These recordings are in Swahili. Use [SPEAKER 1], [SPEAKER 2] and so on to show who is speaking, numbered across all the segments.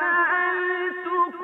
[SPEAKER 1] سألتكم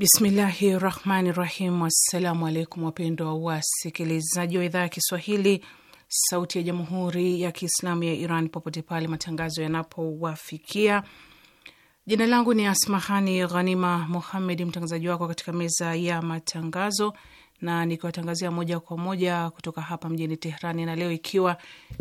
[SPEAKER 2] Bismillahi rahmani rahim. Assalamu alaikum wapendwa wasikilizaji wa idhaa ya Kiswahili sauti ya jamhuri ya Kiislamu ya Iran popote pale matangazo yanapowafikia. Jina langu ni Asmahani Ghanima Muhammed, mtangazaji wako katika meza ya matangazo na nikiwatangazia moja kwa moja kutoka hapa mjini Tehrani, na leo ikiwa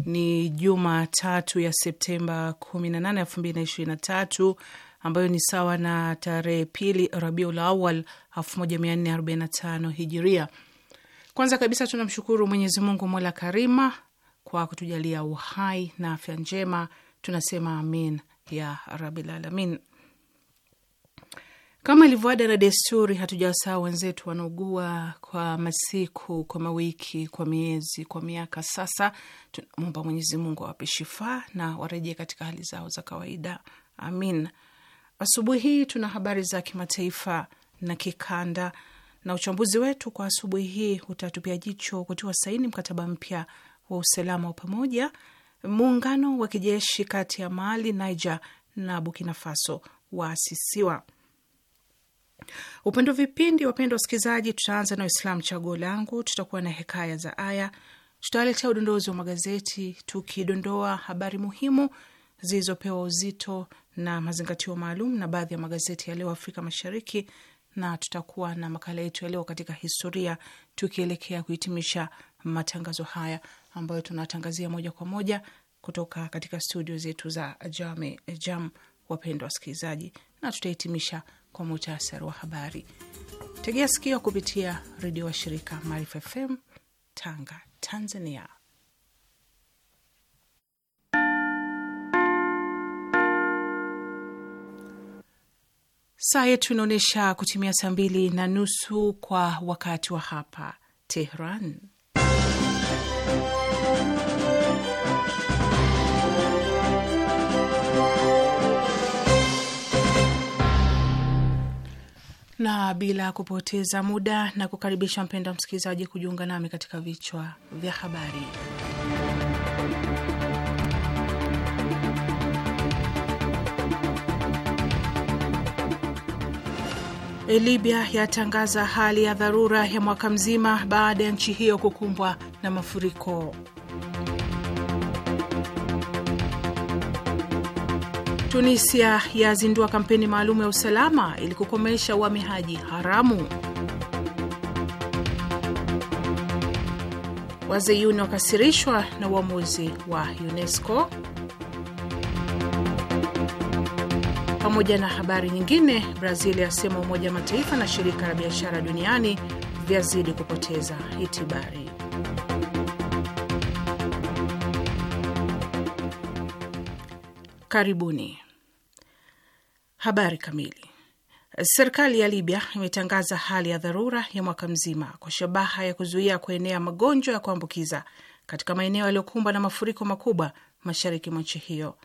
[SPEAKER 2] ni Jumatatu ya Septemba 18 2023 ambayo ni sawa na tarehe pili Rabiul Awal 1445 Hijiria. Kwanza kabisa tunamshukuru Mwenyezi Mungu mola karima kwa kutujalia uhai na afya njema, tunasema amin ya rabil alamin. Kama ilivyoada na desturi, hatujawasaa wenzetu wanaugua kwa masiku, kwa mawiki, kwa miezi, kwa miaka. Sasa tunamwomba Mwenyezi Mungu awape shifaa na warejee katika hali zao za kawaida, amin. Asubuhi hii tuna habari za kimataifa na kikanda, na uchambuzi wetu kwa asubuhi hii utatupia jicho kutiwa saini mkataba mpya wa usalama wa pamoja, muungano wa kijeshi kati ya Mali, Niger na Burkina Faso waasisiwa. Upendo vipindi, wapendwa wasikilizaji, tutaanza na Uislamu chaguo langu, tutakuwa na hekaya za aya, tutawaletea udondozi wa magazeti tukidondoa habari muhimu zilizopewa uzito na mazingatio maalum na baadhi ya magazeti ya leo Afrika Mashariki, na tutakuwa na makala yetu ya leo katika historia, tukielekea kuhitimisha matangazo haya ambayo tunatangazia moja kwa moja kutoka katika studio zetu za Jame Jam, wapendwa wasikilizaji, na tutahitimisha kwa muhtasari wa habari. Tegea sikio kupitia redio wa shirika Maarifa FM Tanga, Tanzania. Saa yetu inaonyesha kutimia saa mbili na nusu kwa wakati wa hapa Tehran. Na bila kupoteza muda na kukaribisha mpenda msikilizaji kujiunga nami katika vichwa vya habari. E, Libya yatangaza hali ya dharura ya mwaka mzima baada ya nchi hiyo kukumbwa na mafuriko. Tunisia yazindua kampeni maalum ya usalama ili kukomesha uhamiaji haramu. Wazayuni wakasirishwa na uamuzi wa UNESCO. Pamoja na habari nyingine, Brazil yasema Umoja Mataifa na Shirika la Biashara Duniani vyazidi kupoteza itibari. Karibuni habari kamili. Serikali ya Libya imetangaza hali ya dharura ya mwaka mzima kwa shabaha ya kuzuia kuenea magonjwa ya kuambukiza katika maeneo yaliyokumbwa na mafuriko makubwa mashariki mwa nchi hiyo.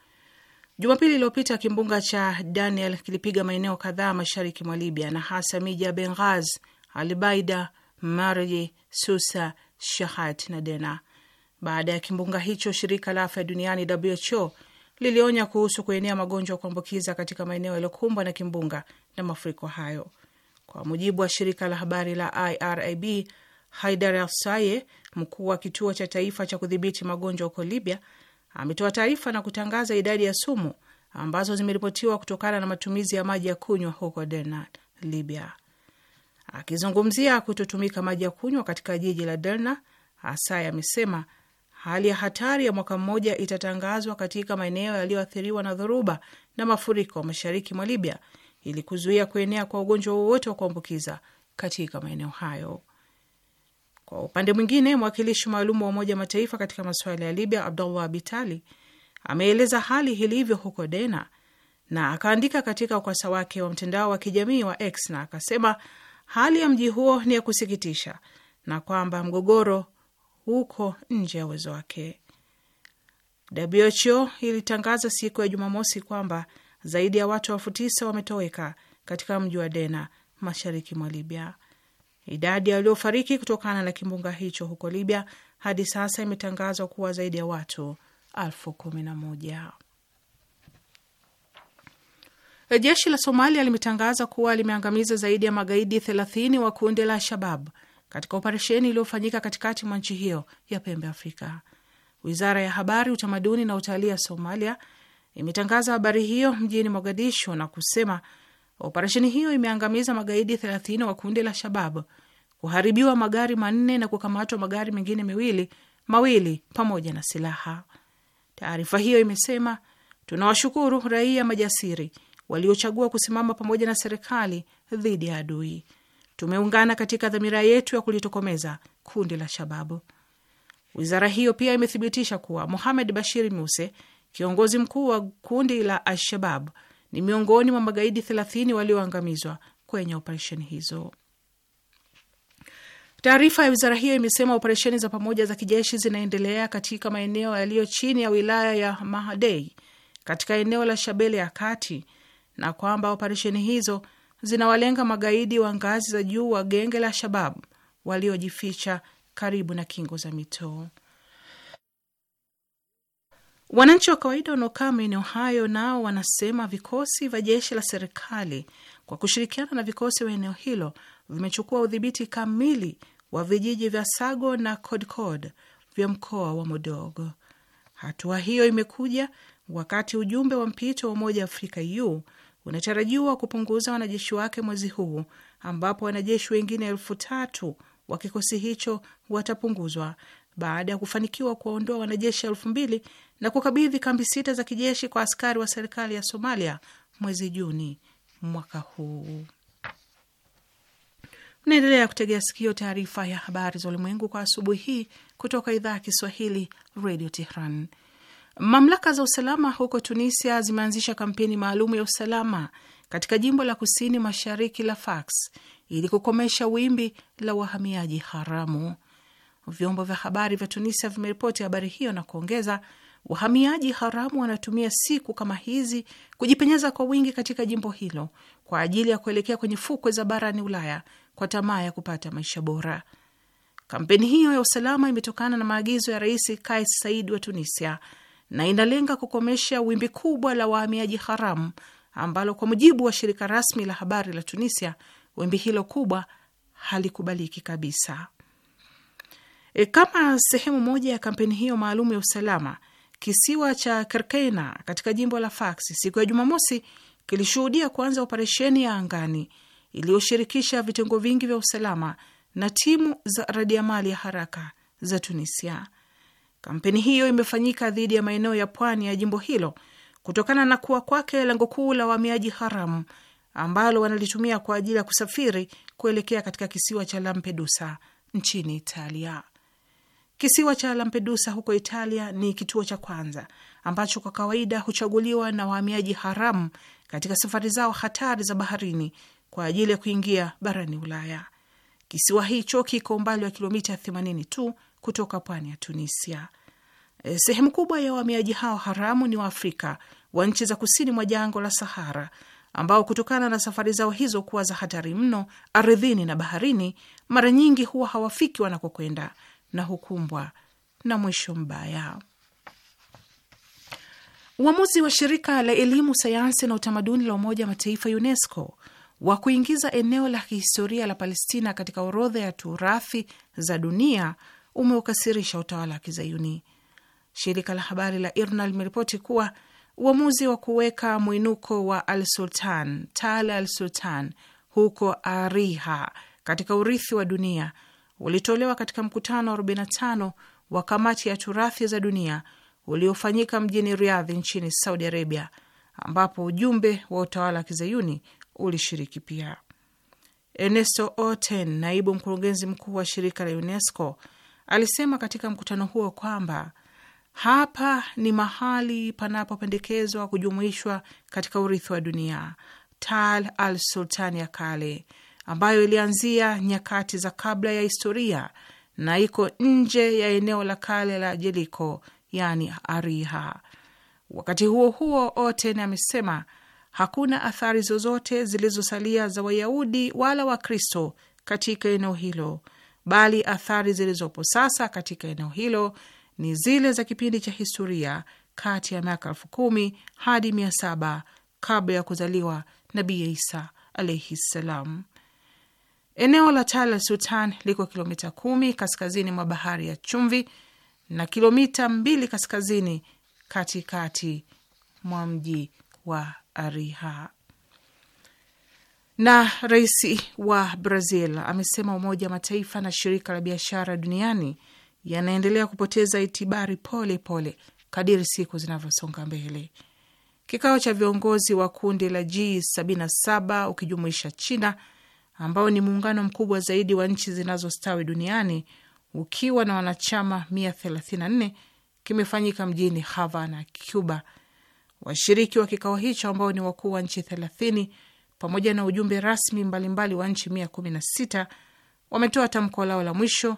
[SPEAKER 2] Jumapili iliyopita kimbunga cha Daniel kilipiga maeneo kadhaa mashariki mwa Libya na hasa miji ya Benghaz, Albaida, Marji, Susa, Shahat na Dena. Baada ya kimbunga hicho, shirika la afya duniani WHO lilionya kuhusu kuenea magonjwa ya kuambukiza katika maeneo yaliyokumbwa na kimbunga na mafuriko hayo. Kwa mujibu wa shirika la habari la IRIB, Haidar Alsaye, mkuu wa kituo cha taifa cha kudhibiti magonjwa huko Libya, ametoa taarifa na kutangaza idadi ya sumu ambazo zimeripotiwa kutokana na matumizi ya maji ya kunywa huko Derna, Libya. Akizungumzia kutotumika maji ya kunywa katika jiji la Derna, Asai amesema hali ya hatari ya mwaka mmoja itatangazwa katika maeneo yaliyoathiriwa na dhoruba na mafuriko mashariki mwa Libya ili kuzuia kuenea kwa ugonjwa wowote wa kuambukiza katika maeneo hayo. Kwa upande mwingine, mwakilishi maalum wa Umoja wa Mataifa katika masuala ya Libya Abdullah bitali ameeleza hali ilivyo huko Dena na akaandika katika ukurasa wake wa mtandao wa kijamii wa X na akasema hali ya mji huo ni ya kusikitisha na kwamba mgogoro huko nje ya uwezo wake. WHO ilitangaza siku ya Jumamosi kwamba zaidi ya watu elfu tisa wametoweka katika mji wa Dena mashariki mwa Libya. Idadi ya waliofariki kutokana na kimbunga hicho huko Libya hadi sasa imetangazwa kuwa zaidi ya watu elfu kumi na moja. Jeshi la Somalia limetangaza kuwa limeangamiza zaidi ya magaidi 30 wa kundi la Shabab katika operesheni iliyofanyika katikati mwa nchi hiyo ya pembe Afrika. Wizara ya Habari, Utamaduni na Utalii ya Somalia imetangaza habari hiyo mjini Mogadishu na kusema Operesheni hiyo imeangamiza magaidi 30 wa kundi la Shababu, kuharibiwa magari manne na kukamatwa magari mengine miwili mawili pamoja na silaha. Taarifa hiyo imesema, tunawashukuru raia majasiri waliochagua kusimama pamoja na serikali dhidi ya adui. Tumeungana katika dhamira yetu ya kulitokomeza kundi la Shababu. Wizara hiyo pia imethibitisha kuwa Mohamed Bashir Muse, kiongozi mkuu wa kundi la Alshabab, ni miongoni mwa magaidi 30 walioangamizwa kwenye operesheni hizo. Taarifa ya wizara hiyo imesema operesheni za pamoja za kijeshi zinaendelea katika maeneo yaliyo chini ya wilaya ya Mahadei katika eneo la Shabele ya kati na kwamba operesheni hizo zinawalenga magaidi wa ngazi za juu wa genge la Shababu waliojificha karibu na kingo za mitoo Wananchi wa kawaida wanaokaa maeneo hayo nao wanasema vikosi vya jeshi la serikali kwa kushirikiana na vikosi vya eneo hilo vimechukua udhibiti kamili wa vijiji vya Sago na Kodkod vya mkoa wa Modogo. Hatua hiyo imekuja wakati ujumbe wa mpito wa Umoja wa Afrika u unatarajiwa kupunguza wanajeshi wake mwezi huu, ambapo wanajeshi wengine elfu tatu wa kikosi hicho watapunguzwa baada ya kufanikiwa kuwaondoa wanajeshi elfu mbili na kukabidhi kambi sita za kijeshi kwa askari wa serikali ya Somalia mwezi Juni mwaka huu. Naendelea kutegea sikio taarifa ya habari za ulimwengu kwa asubuhi hii kutoka idhaa ya Kiswahili Radio Tehran. Mamlaka za usalama huko Tunisia zimeanzisha kampeni maalum ya usalama katika jimbo la kusini mashariki la Fax ili kukomesha wimbi la wahamiaji haramu. Vyombo vya habari vya Tunisia vimeripoti habari hiyo na kuongeza, wahamiaji haramu wanatumia siku kama hizi kujipenyeza kwa wingi katika jimbo hilo kwa ajili ya kuelekea kwenye fukwe za barani Ulaya kwa tamaa ya kupata maisha bora. Kampeni hiyo ya usalama imetokana na maagizo ya Rais Kais Saied wa Tunisia na inalenga kukomesha wimbi kubwa la wahamiaji haramu ambalo kwa mujibu wa shirika rasmi la habari la Tunisia, wimbi hilo kubwa halikubaliki kabisa. E, kama sehemu moja ya kampeni hiyo maalum ya usalama, kisiwa cha kerkena katika jimbo la Fax siku ya Jumamosi kilishuhudia kuanza operesheni ya angani iliyoshirikisha vitengo vingi vya usalama na timu za radiamali ya haraka za Tunisia. Kampeni hiyo imefanyika dhidi ya maeneo ya pwani ya jimbo hilo kutokana na kuwa kwake lango kuu la wahamiaji haramu ambalo wanalitumia kwa ajili ya kusafiri kuelekea katika kisiwa cha Lampedusa nchini Italia. Kisiwa cha Lampedusa huko Italia ni kituo cha kwanza ambacho kwa kawaida huchaguliwa na wahamiaji haramu katika safari zao hatari za baharini kwa ajili ya kuingia barani Ulaya. Kisiwa hicho kiko umbali wa kilomita 80 tu kutoka pwani ya Tunisia. E, sehemu kubwa ya wahamiaji hao haramu ni Waafrika wa nchi za kusini mwa jangwa la Sahara, ambao kutokana na safari zao hizo kuwa za hatari mno ardhini na baharini, mara nyingi huwa hawafiki wanakokwenda na hukumbwa na mwisho mbaya. Uamuzi wa shirika la elimu, sayansi na utamaduni la Umoja wa Mataifa UNESCO wa kuingiza eneo la kihistoria la Palestina katika orodha ya turathi za dunia umeukasirisha utawala wa Kizayuni. Shirika la habari la IRNA limeripoti kuwa uamuzi wa kuweka mwinuko wa Al Sultan Tal Al Sultan huko Ariha katika urithi wa dunia ulitolewa katika mkutano 45 wa kamati ya turathi za dunia uliofanyika mjini Riadhi nchini Saudi Arabia, ambapo ujumbe wa utawala wa kizayuni ulishiriki pia. Ernesto Oten, naibu mkurugenzi mkuu wa shirika la UNESCO, alisema katika mkutano huo kwamba hapa ni mahali panapopendekezwa kujumuishwa katika urithi wa dunia Tal al Sultani ya kale ambayo ilianzia nyakati za kabla ya historia na iko nje ya eneo la kale la Jeriko, yani Ariha. Wakati huo huo, Oten amesema hakuna athari zozote zilizosalia za Wayahudi wala Wakristo katika eneo hilo, bali athari zilizopo sasa katika eneo hilo ni zile za kipindi cha historia kati ya miaka elfu kumi hadi mia saba kabla ya kuzaliwa Nabii Isa alaihi ssalam. Eneo la Tal Sultan liko kilomita kumi kaskazini mwa bahari ya Chumvi na kilomita mbili kaskazini katikati mwa mji wa Ariha. Na rais wa Brazil amesema Umoja wa Mataifa na Shirika la Biashara Duniani yanaendelea kupoteza itibari pole pole kadiri siku zinavyosonga mbele. Kikao cha viongozi wa kundi la G77 ukijumuisha China ambao ni muungano mkubwa zaidi wa nchi zinazostawi duniani ukiwa na wanachama 134 kimefanyika mjini Havana, Cuba. Washiriki wa kikao hicho ambao ni wakuu wa nchi 30 pamoja na ujumbe rasmi mbalimbali mbali wa nchi 116 wametoa tamko lao la mwisho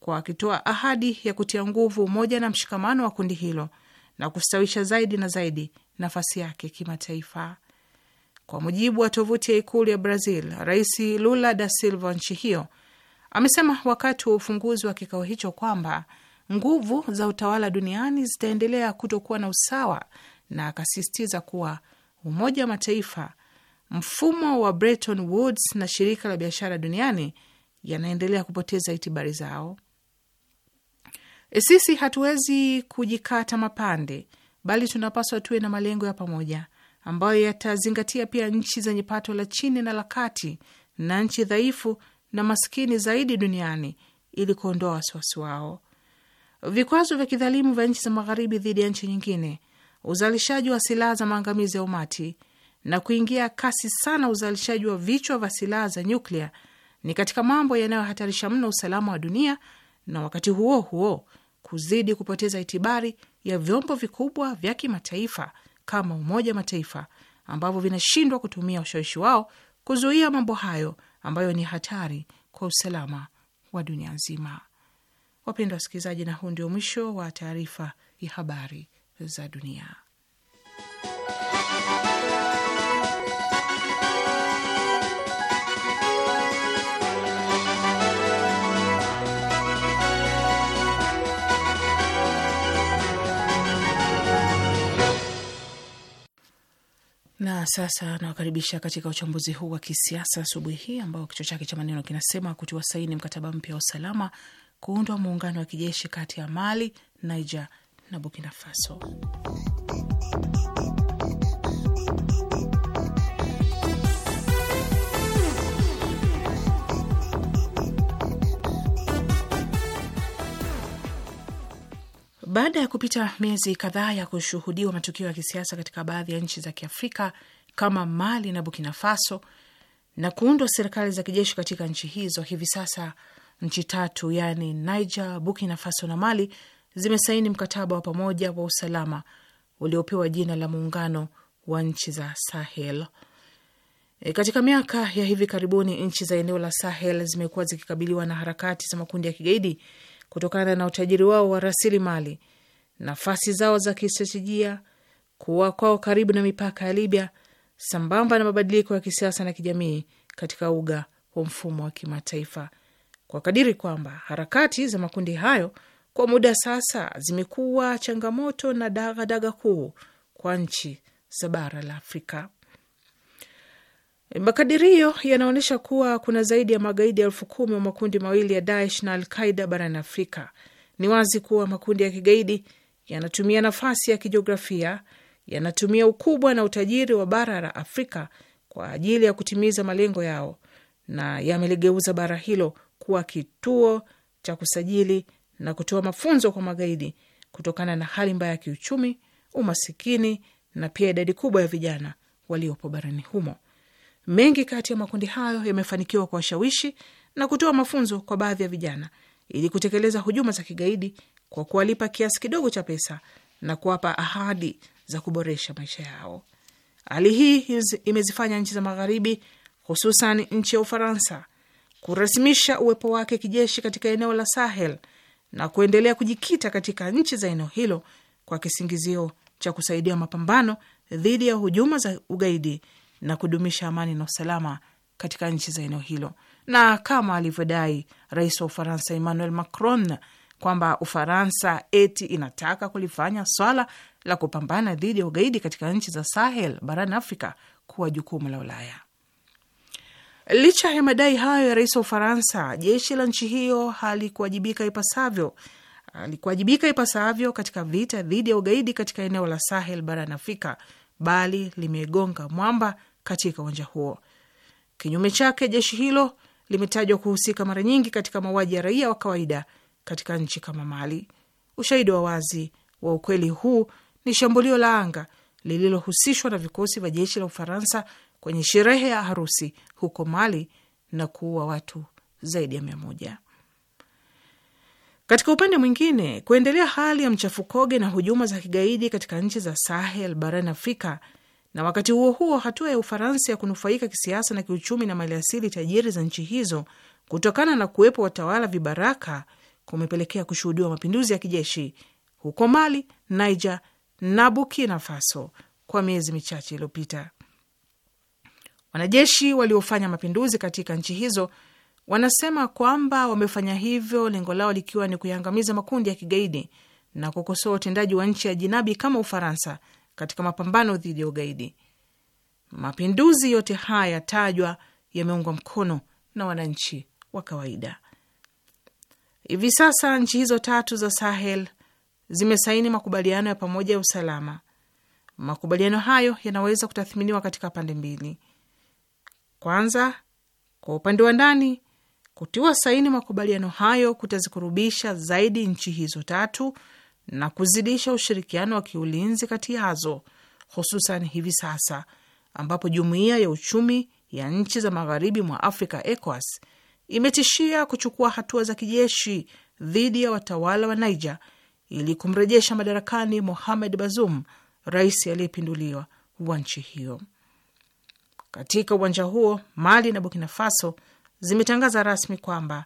[SPEAKER 2] kwa wakitoa ahadi ya kutia nguvu umoja na mshikamano wa kundi hilo na kustawisha zaidi na zaidi nafasi yake kimataifa. Kwa mujibu wa tovuti ya ikulu ya Brazil, Rais Lula da Silva wa nchi hiyo amesema wakati wa ufunguzi wa kikao hicho kwamba nguvu za utawala duniani zitaendelea kutokuwa na usawa, na akasisitiza kuwa Umoja wa Mataifa, mfumo wa Bretton Woods na Shirika la Biashara Duniani yanaendelea kupoteza itibari zao. E, sisi hatuwezi kujikata mapande, bali tunapaswa tuwe na malengo ya pamoja ambayo yatazingatia pia nchi zenye pato la chini na la kati na nchi dhaifu na maskini zaidi duniani ili kuondoa wasiwasi wao. Vikwazo vya kidhalimu vya nchi za magharibi dhidi ya nchi nyingine, uzalishaji wa silaha za maangamizi ya umati na kuingia kasi sana uzalishaji wa vichwa vya silaha za nyuklia ni katika mambo yanayohatarisha mno usalama wa dunia na wakati huo huo kuzidi kupoteza itibari ya vyombo vikubwa vya kimataifa kama Umoja wa Mataifa ambavyo vinashindwa kutumia ushawishi wao kuzuia mambo hayo ambayo ni hatari kwa usalama wa dunia nzima. Wapendwa wasikilizaji, na huu ndio mwisho wa taarifa ya habari za dunia. Na sasa nawakaribisha katika uchambuzi huu wa kisiasa asubuhi hii ambao kichwa chake cha maneno kinasema kutiwa saini mkataba mpya wa usalama, kuundwa muungano wa kijeshi kati ya Mali, Niger na Burkina Faso. Baada ya kupita miezi kadhaa ya kushuhudiwa matukio ya kisiasa katika baadhi ya nchi za Kiafrika kama Mali na Burkina Faso na kuundwa serikali za kijeshi katika nchi hizo, hivi sasa nchi tatu yaani Niger, Burkina Faso na Mali zimesaini mkataba wa pamoja wa usalama uliopewa jina la Muungano wa Nchi za Sahel. E, katika miaka ya hivi karibuni nchi za eneo la Sahel zimekuwa zikikabiliwa na harakati za makundi ya kigaidi kutokana na utajiri wao wa rasilimali, nafasi zao za kistratejia, kuwa kwao karibu na mipaka ya Libya, sambamba na mabadiliko ya kisiasa na kijamii katika uga wa mfumo wa kimataifa, kwa kadiri kwamba harakati za makundi hayo kwa muda sasa zimekuwa changamoto na dagadaga kuu kwa nchi za bara la Afrika. Makadirio yanaonyesha kuwa kuna zaidi ya magaidi elfu kumi wa makundi mawili ya Daesh na Alqaida barani Afrika. Ni wazi kuwa makundi ya kigaidi yanatumia nafasi ya kijiografia, yanatumia ukubwa na utajiri wa bara la Afrika kwa ajili ya kutimiza malengo yao na yameligeuza bara hilo kuwa kituo cha kusajili na kutoa mafunzo kwa magaidi kutokana na hali mbaya ya kiuchumi, umasikini na pia idadi kubwa ya vijana waliopo barani humo. Mengi kati ya makundi hayo yamefanikiwa kuwashawishi na kutoa mafunzo kwa baadhi ya vijana ili kutekeleza hujuma za kigaidi kwa kuwalipa kiasi kidogo cha pesa na kuwapa ahadi za kuboresha maisha yao. Hali hii imezifanya nchi za Magharibi, hususan nchi ya Ufaransa, kurasimisha uwepo wake kijeshi katika eneo la Sahel na kuendelea kujikita katika nchi za eneo hilo kwa kisingizio cha kusaidia mapambano dhidi ya hujuma za ugaidi na kudumisha amani na usalama katika nchi za eneo hilo, na kama alivyodai rais wa Ufaransa Emmanuel Macron kwamba Ufaransa eti inataka kulifanya swala la kupambana dhidi ya ugaidi katika nchi za Sahel barani Afrika kuwa jukumu la Ulaya. Licha ya madai hayo ya rais wa Ufaransa, jeshi la nchi hiyo halikuwajibika ipasavyo alikuwajibika ipasavyo katika vita dhidi ya ugaidi katika eneo la Sahel barani Afrika, bali limegonga mwamba katika uwanja huo. Kinyume chake, jeshi hilo limetajwa kuhusika mara nyingi katika mauaji ya raia wa kawaida katika nchi kama Mali. Ushahidi wa wazi wa ukweli huu ni shambulio la anga lililohusishwa na vikosi vya jeshi la Ufaransa kwenye sherehe ya harusi huko Mali na kuua watu zaidi ya mia moja. Katika upande mwingine, kuendelea hali ya mchafukoge na hujuma za kigaidi katika nchi za Sahel barani Afrika na wakati huo huo hatua ya Ufaransa ya kunufaika kisiasa na kiuchumi na maliasili tajiri za nchi hizo kutokana na kuwepo watawala vibaraka kumepelekea kushuhudiwa mapinduzi ya kijeshi huko Mali, Niger na Burkina Faso kwa miezi michache iliyopita. Wanajeshi waliofanya mapinduzi katika nchi hizo wanasema kwamba wamefanya hivyo lengo lao likiwa ni kuyaangamiza makundi ya kigaidi na kukosoa utendaji wa nchi ya jinabi kama Ufaransa katika mapambano dhidi ya ugaidi. Mapinduzi yote haya tajwa yameungwa mkono na wananchi wa kawaida. Hivi sasa nchi hizo tatu za Sahel zimesaini makubaliano ya pamoja ya usalama. Makubaliano hayo yanaweza kutathminiwa katika pande mbili. Kwanza, kwa upande wa ndani, kutiwa saini makubaliano hayo kutazikurubisha zaidi nchi hizo tatu na kuzidisha ushirikiano wa kiulinzi kati yazo, hususan hivi sasa ambapo jumuiya ya uchumi ya nchi za magharibi mwa Afrika ECOWAS imetishia kuchukua hatua za kijeshi dhidi ya watawala wa Niger ili kumrejesha madarakani Mohamed Bazoum, rais aliyepinduliwa wa nchi hiyo. Katika uwanja huo, Mali na Burkina Faso zimetangaza rasmi kwamba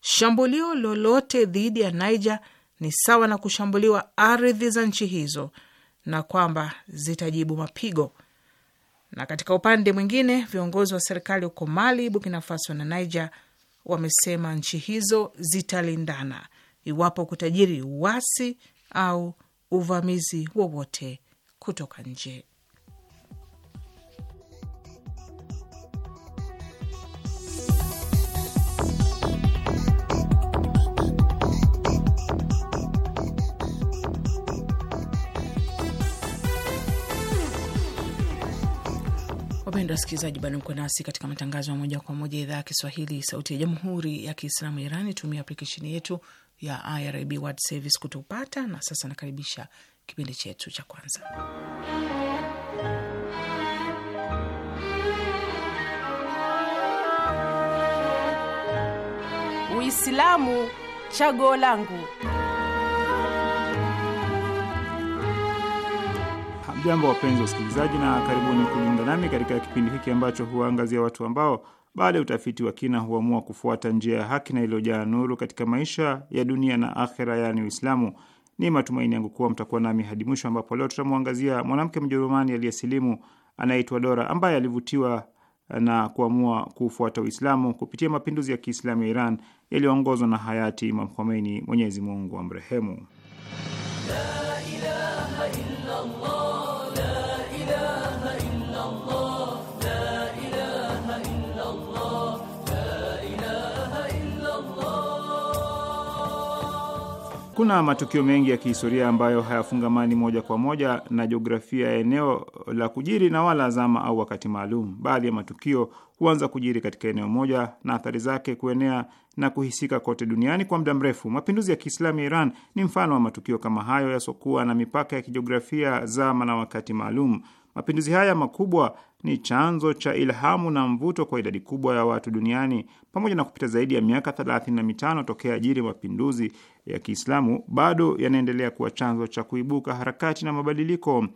[SPEAKER 2] shambulio lolote dhidi ya Niger ni sawa na kushambuliwa ardhi za nchi hizo na kwamba zitajibu mapigo. Na katika upande mwingine, viongozi wa serikali huko Mali, Burkina Faso na Niger wamesema nchi hizo zitalindana iwapo kutajiri uasi au uvamizi wowote kutoka nje. Wapendwa wasikilizaji, bado mko nasi katika matangazo ya moja kwa moja idhaa ya Kiswahili, sauti ya jamhuri ya kiislamu ya Irani. Tumia aplikesheni yetu ya IRIB World Service kutupata. Na sasa nakaribisha kipindi chetu cha kwanza, Uislamu Chaguo Langu.
[SPEAKER 3] Hamjambo, wapenzi wa usikilizaji, na karibuni kujiunga nami katika kipindi hiki ambacho huwaangazia watu ambao baada ya utafiti wa kina huamua kufuata njia ya haki na iliyojaa nuru katika maisha ya dunia na akhera, yaani Uislamu. Ni matumaini yangu kuwa mtakuwa nami hadi mwisho, ambapo leo tutamwangazia mwanamke Mjerumani aliyesilimu anayeitwa Dora ambaye alivutiwa eh, na kuamua kufuata Uislamu kupitia mapinduzi ya Kiislamu ya Iran yaliyoongozwa na hayati Imam Khomeini, Mwenyezi Mungu amrehemu. La ilaha Kuna matukio mengi ya kihistoria ambayo hayafungamani moja kwa moja na jiografia ya eneo la kujiri na wala zama au wakati maalum. Baadhi ya matukio huanza kujiri katika eneo moja na athari zake kuenea na kuhisika kote duniani kwa muda mrefu. Mapinduzi ya Kiislamu ya Iran ni mfano wa matukio kama hayo yasokuwa na mipaka ya kijiografia, zama na wakati maalum. Mapinduzi haya makubwa ni chanzo cha ilhamu na mvuto kwa idadi kubwa ya watu duniani. Pamoja na kupita zaidi ya miaka thelathini na mitano tokea ajiri mapinduzi ya Kiislamu, bado yanaendelea kuwa chanzo cha kuibuka harakati na mabadiliko.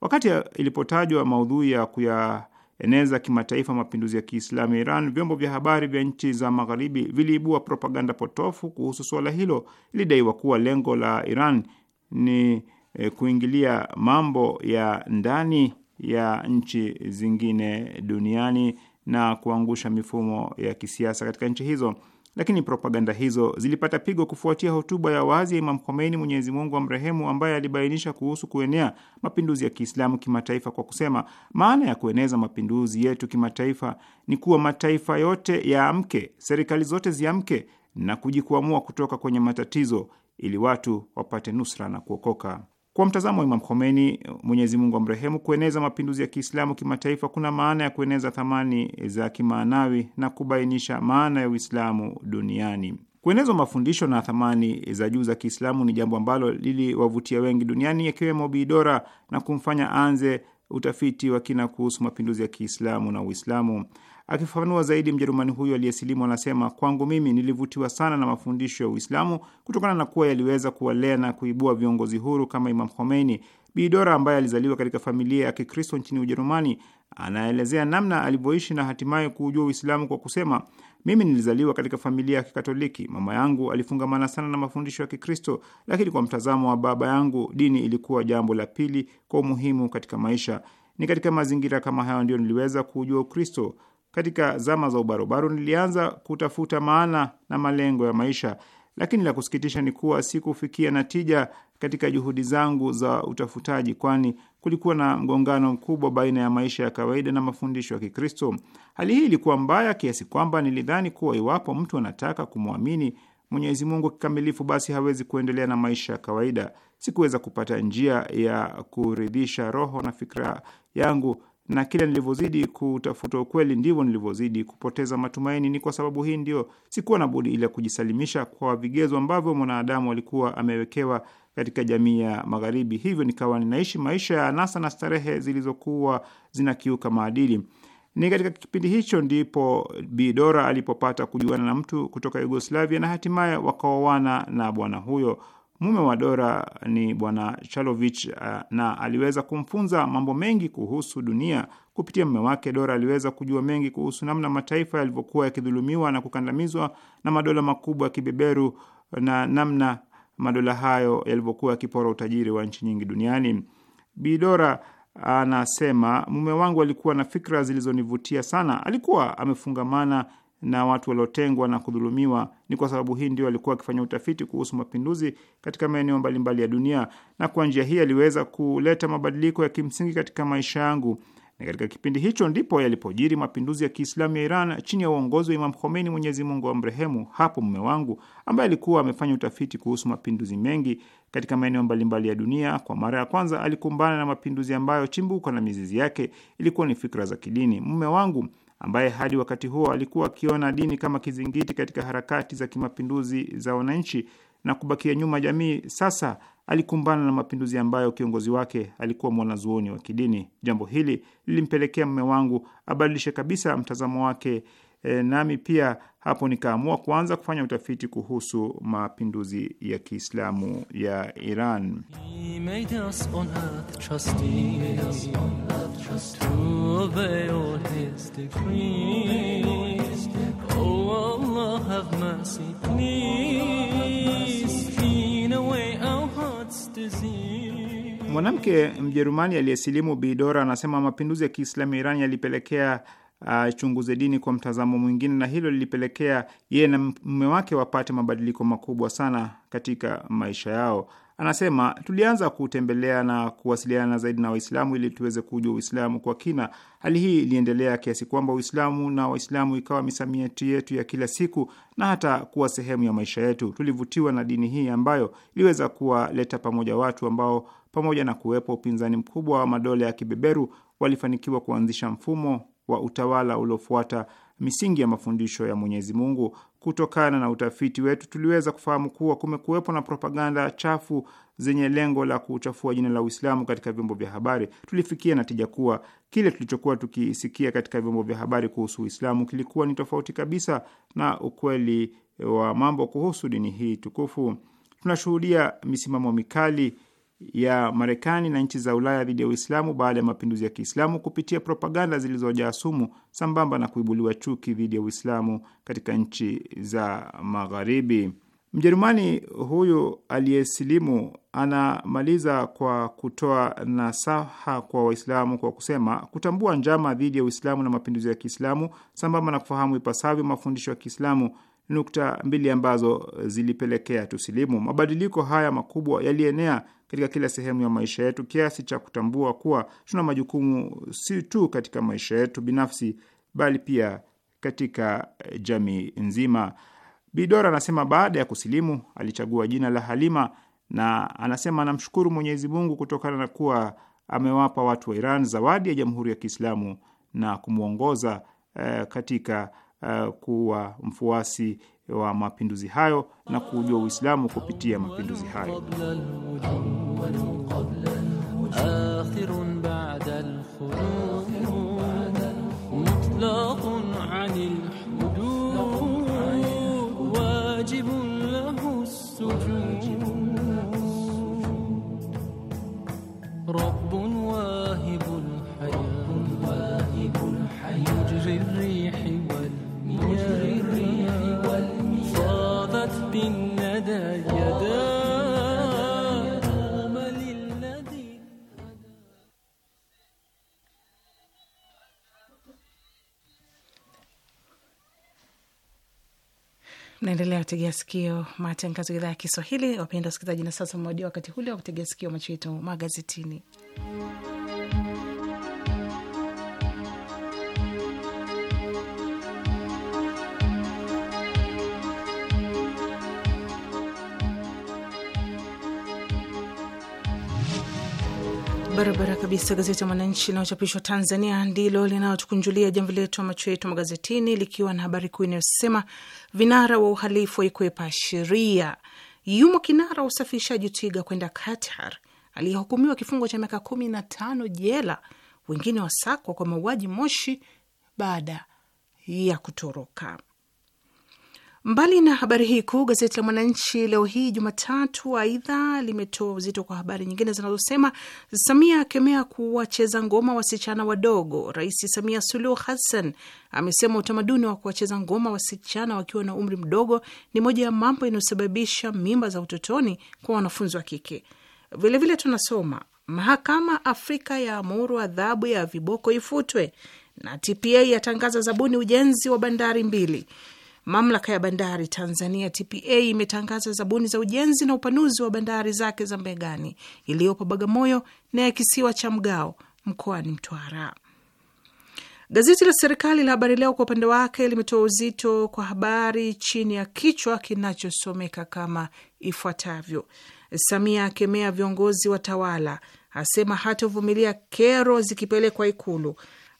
[SPEAKER 3] Wakati ilipotajwa maudhui ya kuyaeneza kimataifa mapinduzi ya Kiislamu ya Iran, vyombo vya habari vya nchi za Magharibi viliibua propaganda potofu kuhusu suala hilo. Ilidaiwa kuwa lengo la Iran ni eh, kuingilia mambo ya ndani ya nchi zingine duniani na kuangusha mifumo ya kisiasa katika nchi hizo. Lakini propaganda hizo zilipata pigo kufuatia hotuba ya wazi ya Imam Khomeini, Mwenyezi Mungu wa mrehemu ambaye alibainisha kuhusu kuenea mapinduzi ya Kiislamu kimataifa kwa kusema, maana ya kueneza mapinduzi yetu kimataifa ni kuwa mataifa yote yaamke, serikali zote ziamke na kujikwamua kutoka kwenye matatizo, ili watu wapate nusra na kuokoka. Kwa mtazamo wa Imam Khomeini, Mwenyezi Mungu amrehemu, kueneza mapinduzi ya Kiislamu kimataifa kuna maana ya kueneza thamani za kimaanawi na kubainisha maana ya Uislamu duniani. Kuenezwa mafundisho na thamani za juu za Kiislamu ni jambo ambalo liliwavutia wengi duniani, akiwemo Bidora na kumfanya anze utafiti wa kina kuhusu mapinduzi ya Kiislamu na Uislamu. Akifafanua zaidi, Mjerumani huyo aliyesilimu anasema, kwangu mimi nilivutiwa sana na mafundisho ya Uislamu kutokana na kuwa yaliweza kuwalea na kuibua viongozi huru kama Imam Khomeini. Bidora ambaye alizaliwa katika familia ya Kikristo nchini Ujerumani anaelezea namna alivyoishi na hatimaye kuujua Uislamu kwa kusema, mimi nilizaliwa katika familia ya Kikatoliki. Mama yangu alifungamana sana na mafundisho ya Kikristo, lakini kwa mtazamo wa baba yangu dini ilikuwa jambo la pili kwa umuhimu katika maisha. Ni katika mazingira kama hayo ndio niliweza kuujua Ukristo katika zama za ubarobaro nilianza kutafuta maana na malengo ya maisha, lakini la kusikitisha ni kuwa sikufikia natija katika juhudi zangu za utafutaji, kwani kulikuwa na mgongano mkubwa baina ya maisha ya kawaida na mafundisho ya Kikristo. Hali hii ilikuwa mbaya kiasi kwamba nilidhani kuwa iwapo mtu anataka kumwamini Mwenyezi Mungu kikamilifu, basi hawezi kuendelea na maisha ya kawaida. Sikuweza kupata njia ya kuridhisha roho na fikra yangu na kile nilivyozidi kutafuta ukweli ndivyo nilivyozidi kupoteza matumaini. Ni kwa sababu hii ndio sikuwa na budi ila kujisalimisha kwa vigezo ambavyo mwanadamu alikuwa amewekewa katika jamii ya Magharibi. Hivyo nikawa ninaishi maisha ya anasa na starehe zilizokuwa zinakiuka maadili. Ni katika kipindi hicho ndipo Bidora alipopata kujuana na mtu kutoka Yugoslavia na hatimaye wakaoana na bwana huyo. Mume wa Dora ni bwana Chalovich uh, na aliweza kumfunza mambo mengi kuhusu dunia. Kupitia mume wake, Dora aliweza kujua mengi kuhusu namna mataifa yalivyokuwa yakidhulumiwa na kukandamizwa na madola makubwa ya kibeberu na namna madola hayo yalivyokuwa yakipora utajiri wa nchi nyingi duniani. Bi Dora anasema, mume wangu alikuwa na fikra zilizonivutia sana. Alikuwa amefungamana na watu waliotengwa na kudhulumiwa. Ni kwa sababu hii ndio alikuwa akifanya utafiti kuhusu mapinduzi katika maeneo mbalimbali ya dunia, na kwa njia hii aliweza kuleta mabadiliko ya kimsingi katika maisha yangu. Na katika kipindi hicho ndipo yalipojiri mapinduzi ya Kiislamu ya Iran chini ya uongozi wa Imam Khomeini, Mwenyezi Mungu amrehemu. Hapo mume wangu ambaye alikuwa amefanya utafiti kuhusu mapinduzi mengi katika maeneo mbalimbali ya dunia, kwa mara ya kwanza alikumbana na mapinduzi ambayo chimbuko na mizizi yake ilikuwa ni fikra za kidini. Mume wangu ambaye hadi wakati huo alikuwa akiona dini kama kizingiti katika harakati za kimapinduzi za wananchi na kubakia nyuma jamii, sasa alikumbana na mapinduzi ambayo kiongozi wake alikuwa mwanazuoni wa kidini. Jambo hili lilimpelekea mme wangu abadilishe kabisa mtazamo wake e, nami pia hapo nikaamua kuanza kufanya utafiti kuhusu mapinduzi ya Kiislamu ya Iran. Mwanamke Mjerumani aliyesilimu Bidora anasema mapinduzi ya Kiislamu ya Iran yalipelekea achunguze dini kwa mtazamo mwingine, na hilo lilipelekea yeye na mume wake wapate mabadiliko makubwa sana katika maisha yao. Anasema, tulianza kutembelea na kuwasiliana zaidi na Waislamu ili tuweze kujua Uislamu kwa kina. Hali hii iliendelea kiasi kwamba Uislamu na Waislamu ikawa misamiati yetu ya kila siku na hata kuwa sehemu ya maisha yetu. Tulivutiwa na dini hii ambayo iliweza kuwaleta pamoja watu ambao pamoja na kuwepo upinzani mkubwa wa madola ya kibeberu walifanikiwa kuanzisha mfumo wa utawala uliofuata misingi ya mafundisho ya Mwenyezi Mungu. Kutokana na utafiti wetu, tuliweza kufahamu kuwa kumekuwepo na propaganda chafu zenye lengo la kuchafua jina la Uislamu katika vyombo vya habari. Tulifikia natija kuwa kile tulichokuwa tukisikia katika vyombo vya habari kuhusu Uislamu kilikuwa ni tofauti kabisa na ukweli wa mambo kuhusu dini hii tukufu. Tunashuhudia misimamo mikali ya Marekani na nchi za Ulaya dhidi ya Uislamu baada ya mapinduzi ya Kiislamu kupitia propaganda zilizojaa sumu sambamba na kuibuliwa chuki dhidi ya Uislamu katika nchi za Magharibi. Mjerumani huyu aliyesilimu anamaliza kwa kutoa nasaha kwa Waislamu kwa kusema kutambua njama dhidi ya Uislamu na mapinduzi ya Kiislamu sambamba na kufahamu ipasavyo mafundisho ya Kiislamu nukta mbili ambazo zilipelekea tusilimu. Mabadiliko haya makubwa yalienea katika kila sehemu ya maisha yetu kiasi cha kutambua kuwa tuna majukumu si tu katika maisha yetu binafsi bali pia katika eh, jamii nzima. Bidora anasema baada ya kusilimu alichagua jina la Halima na anasema anamshukuru Mwenyezi Mungu kutokana na kuwa amewapa watu wa Iran zawadi ya Jamhuri ya Kiislamu na kumwongoza eh, katika eh, kuwa mfuasi wa mapinduzi hayo na kuujua Uislamu kupitia mapinduzi hayo.
[SPEAKER 2] Naendelea kutegea sikio matangazo ya idhaa ya Kiswahili, wapenda wasikilizaji. Na sasa mmoja wakati hule wa kutegea sikio macho yetu magazetini Barabara kabisa. Gazeti ya Mwananchi inayochapishwa Tanzania ndilo linalotukunjulia jambo letu, macho yetu magazetini, likiwa na habari kuu inayosema vinara wa uhalifu waikwepa sheria. Yumo kinara wa usafirishaji twiga kwenda Qatar aliyehukumiwa kifungo cha miaka kumi na tano jela, wengine wasakwa kwa mauaji Moshi baada ya kutoroka. Mbali na habari hii kuu, gazeti la Mwananchi leo hii Jumatatu aidha limetoa uzito kwa habari nyingine zinazosema: Samia akemea kuwacheza ngoma wasichana wadogo. Rais Samia Suluhu Hassan amesema utamaduni wa kuwacheza ngoma wasichana wakiwa na umri mdogo ni moja ya mambo yanayosababisha mimba za utotoni kwa wanafunzi wa kike. Vilevile tunasoma mahakama Afrika yaamuru adhabu ya viboko ifutwe, na TPA yatangaza zabuni ujenzi wa bandari mbili. Mamlaka ya bandari Tanzania TPA imetangaza zabuni za ujenzi na upanuzi wa bandari zake za Mbegani iliyopo Bagamoyo na ya kisiwa cha Mgao mkoani Mtwara. Gazeti la serikali la Habari Leo kwa upande wake limetoa uzito kwa habari chini ya kichwa kinachosomeka kama ifuatavyo: Samia akemea viongozi watawala, asema hatovumilia kero zikipelekwa Ikulu,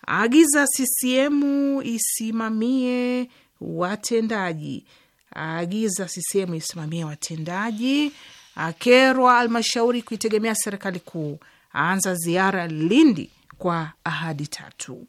[SPEAKER 2] aagiza CCM isimamie watendaji, aagiza CCM isimamie watendaji, akerwa halmashauri kuitegemea serikali kuu, aanza ziara Lindi kwa ahadi tatu.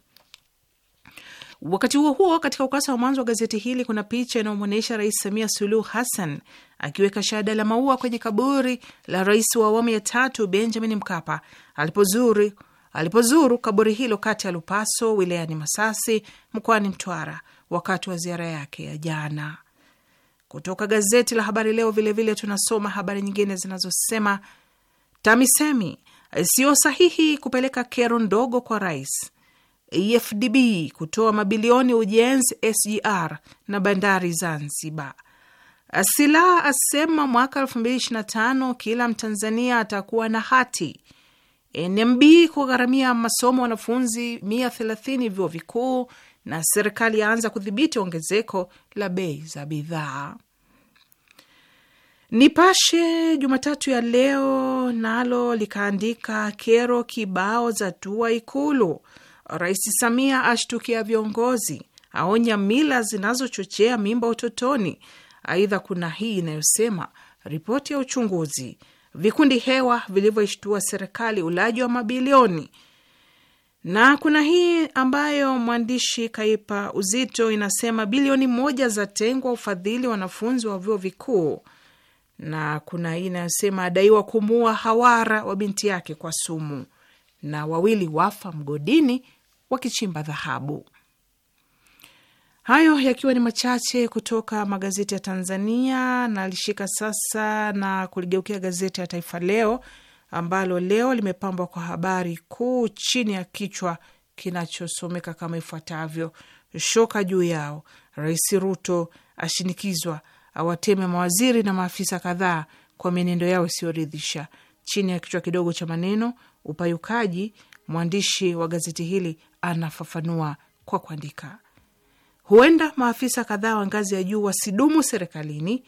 [SPEAKER 2] Wakati huo huo, katika ukurasa wa mwanzo wa gazeti hili kuna picha inayomwonyesha Rais Samia Suluhu Hassan akiweka shada la maua kwenye kaburi la rais wa awamu ya tatu Benjamin Mkapa alipozuru, alipozuru kaburi hilo kati ya Lupaso wilayani Masasi mkoani Mtwara wakati wa ziara yake ya jana. Kutoka gazeti la Habari Leo vilevile vile tunasoma habari nyingine zinazosema TAMISEMI siyo sahihi kupeleka kero ndogo kwa rais, EFDB kutoa mabilioni ujenzi SGR na bandari Zanzibar, Sila asema mwaka 2025 kila Mtanzania atakuwa na hati, NMB kugharamia masomo wanafunzi 130 vyuo vikuu na serikali yaanza kudhibiti ongezeko la bei za bidhaa. Nipashe Jumatatu ya leo nalo likaandika kero kibao za tua Ikulu. Rais Samia ashtukia viongozi, aonya mila zinazochochea mimba utotoni. Aidha, kuna hii inayosema ripoti ya uchunguzi, vikundi hewa vilivyoishtua serikali ulaji wa mabilioni na kuna hii ambayo mwandishi kaipa uzito, inasema bilioni moja za tengwa ufadhili wanafunzi wa vyuo vikuu, na kuna hii inayosema adaiwa kumua hawara wa binti yake kwa sumu, na wawili wafa mgodini wakichimba dhahabu. Hayo yakiwa ni machache kutoka magazeti ya Tanzania. Nalishika sasa na kuligeukia gazeti ya Taifa Leo ambalo leo limepambwa kwa habari kuu chini ya kichwa kinachosomeka kama ifuatavyo: shoka juu yao, Rais Ruto ashinikizwa awateme mawaziri na maafisa kadhaa kwa mienendo yao isiyoridhisha. Chini ya kichwa kidogo cha maneno upayukaji, mwandishi wa gazeti hili anafafanua kwa kuandika, huenda maafisa kadhaa wa ngazi ya juu wasidumu serikalini